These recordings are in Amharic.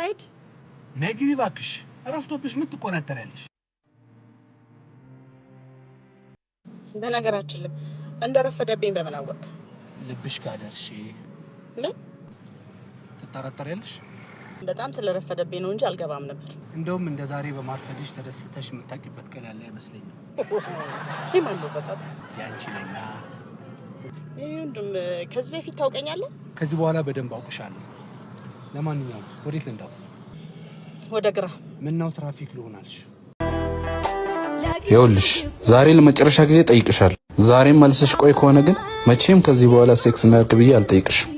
ሬድ ነይ ግቢ እባክሽ። እረፍቶብሽ ምን ትቆናጠሪያለሽ? በነገራችን ልብ እንደረፈደብኝ በምን አወቅህ? ልብሽ ጋር ደርሼ ምን ትጠራጠሪያለሽ? በጣም ስለረፈደብኝ ነው እንጂ አልገባም ነበር። እንደውም እንደ ዛሬ በማርፈድሽ ተደስተሽ የምታውቂበት ቀን ያለ አይመስለኝም። ይህ ማነው? በጣም ያንቺ ነኛ። ይህ ወንድም ከዚህ በፊት ታውቀኛለህ? ከዚህ በኋላ በደንብ አውቅሻለሁ። ለማንኛውም ወዴት ልንዳው? ወደ ግራ። ምነው ትራፊክ ልሆናልሽ? ይኸውልሽ ዛሬ ለመጨረሻ ጊዜ ጠይቅሻል። ዛሬም መልስሽ ቆይ ከሆነ ግን መቼም ከዚህ በኋላ ሴክስ እናድርግ ብዬ አልጠይቅሽም።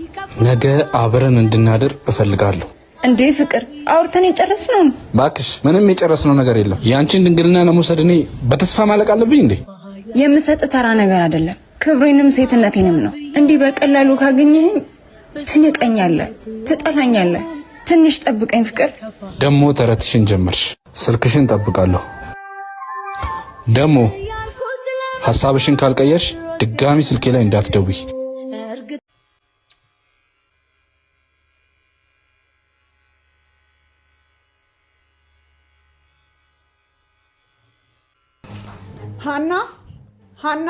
ነገ አብረን እንድናደር እፈልጋለሁ። እንዴ ፍቅር አውርተን የጨረስነው? ባክሽ? ምንም የጨረስነው ነገር የለም። የአንቺን ድንግልና ለመውሰድ እኔ በተስፋ ማለቅ አለብኝ እንዴ? የምሰጥ ተራ ነገር አይደለም። ክብሬንም ሴትነቴንም ነው። እንዲህ በቀላሉ ካገኘህኝ ትንቀኛለህ፣ ትጠላኛለህ። ትንሽ ጠብቀኝ ፍቅር። ደሞ ተረትሽን ጀመርሽ። ስልክሽን ጠብቃለሁ። ደሞ ሀሳብሽን ካልቀየርሽ ድጋሚ ስልኬ ላይ እንዳትደውይ። ሀና ሀና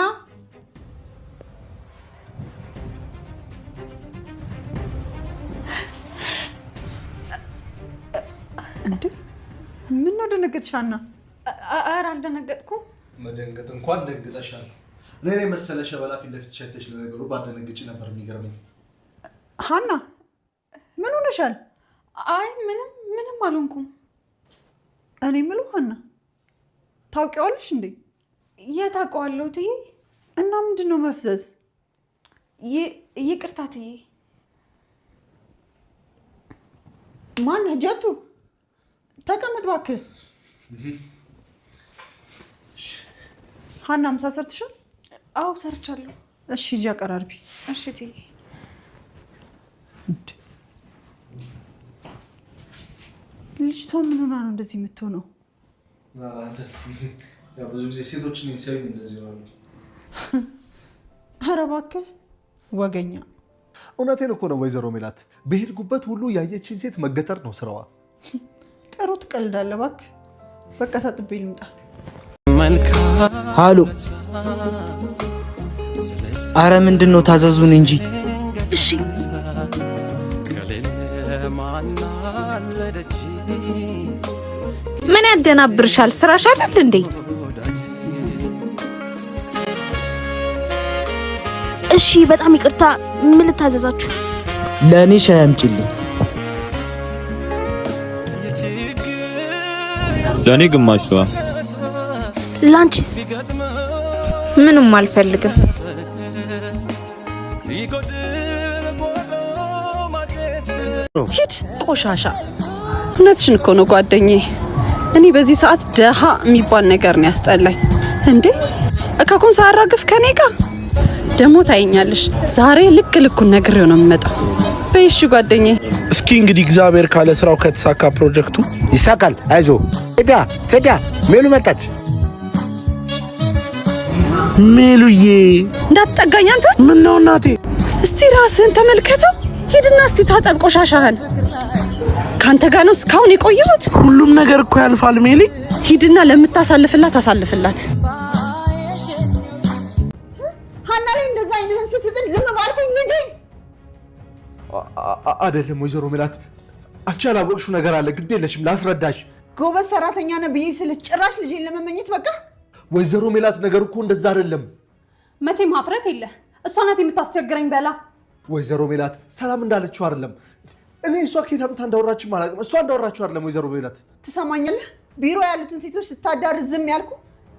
እንዴ ምን ነው ደነገጥሽ? ሀና ኧረ አልደነገጥኩም። መደንገጥ እንኳን ደንግጠሻል። እኔ እኔ መሰለ ሸበላ ፊት ለፊት ሸተሽ ለነገሩ ባደነግጭ ነበር የሚገርመኝ። ሀና ምን ሆነሻል? አይ ምንም ምንም አልሆንኩም። እኔ የምለው ሀና ታውቂዋለሽ እንዴ? የታውቀዋለሁ ትዬ። እና ምንድን ነው መፍዘዝ? ይቅርታ ትዬ። ማን ጀቱ ተቀመጥ እባክህ። ሀና ምሳ ሰርትሻል? አዎ ሰርቻለሁ። እሺ ሂጂ አቀራርቢ። እሺ እትዬ። ልጅቷ ምን ሆና ነው እንደዚህ የምትሆነው? ብዙ ጊዜ ሴቶችን ሲያዩ እንደዚህ ነው። ኧረ እባክህ ወገኛ። እውነቴን እኮ ነው ወይዘሮ ሜላት፣ በሄድጉበት ሁሉ ያየችን ሴት መገጠር ነው ስራዋ። ሩ ትቀልዳለህ እባክህ። በቃ ታጥቤ ልምጣ። ሀሎ፣ አረ ምንድን ነው? ታዘዙን እንጂ እሺ። ምን ያደናብርሻል? ስራሽ አይደል እንዴ? እሺ፣ በጣም ይቅርታ። ምን ልታዘዛችሁ? ለእኔ ሻይ አምጪልኝ። ለእኔ ግማሽ ሰዋ ላንቺስ? ምንም አልፈልግም። ሂድ ቆሻሻ። እውነትሽን እኮ ነው ጓደኛዬ። እኔ በዚህ ሰዓት ደሃ የሚባል ነገር ነው ያስጠላኝ። እንዴ እካኩን ሳራግፍ ከኔ ጋር ደግሞ ታይኛለሽ። ዛሬ ልክ ልኩን ነግሬው ነው የምመጣው። በይሽ ጓደኛዬ እስኪ እንግዲህ እግዚአብሔር ካለ ስራው ከተሳካ ፕሮጀክቱ ይሳካል። አይዞ ዳ ዳ ሜሉ መጣች። ሜሉዬ እንዳትጠጋኝ አንተ። ምን ነው እናቴ? እስቲ ራስህን ተመልከተው። ሂድና እስቲ ታጠብ ቆሻሻህን። ካንተ ጋር ነው እስካሁን የቆየሁት። ሁሉም ነገር እኮ ያልፋል ሜሊ። ሂድና ለምታሳልፍላት አሳልፍላት። እንደዛ አይነህን ስትጥል ዝም ባልኩኝ ልጄ አይደለም ወይዘሮ ሜላት አንቺ ያላወቅሽው ነገር አለ። ግድ የለሽም ላስረዳሽ። ጎበዝ ሰራተኛ ነህ ብዬ ስልህ ጭራሽ ልጄን ለመመኘት በቃ። ወይዘሮ ሜላት ነገር እኮ እንደዛ አይደለም። መቼ ማፍረት የለ እሷ ናት የምታስቸግረኝ በላ። ወይዘሮ ሜላት ሰላም እንዳለችው አይደለም። እኔ እሷ ከየት አምጥታ እንዳወራችሁ አላውቅም። እሷ እንዳወራችሁ አይደለም። ወይዘሮ ሜላት ትሰማኛለህ? ቢሮ ያሉትን ሴቶች ስታዳር ዝም ያልኩ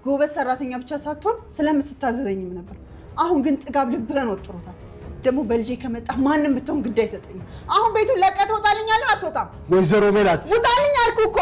ጎበዝ ሰራተኛ ብቻ ሳትሆን ስለምትታዘዘኝም ነበር። አሁን ግን ጥጋብ ልብህን ወጥሮታል። ደግሞ በልጄ ከመጣ ማንም ብትሆን ግድ አይሰጠኝም። አሁን ቤቱን ለቀህ ትወጣልኛለህ አትወጣም? ወይዘሮ ሜላት ውጣልኝ አልኩህ እኮ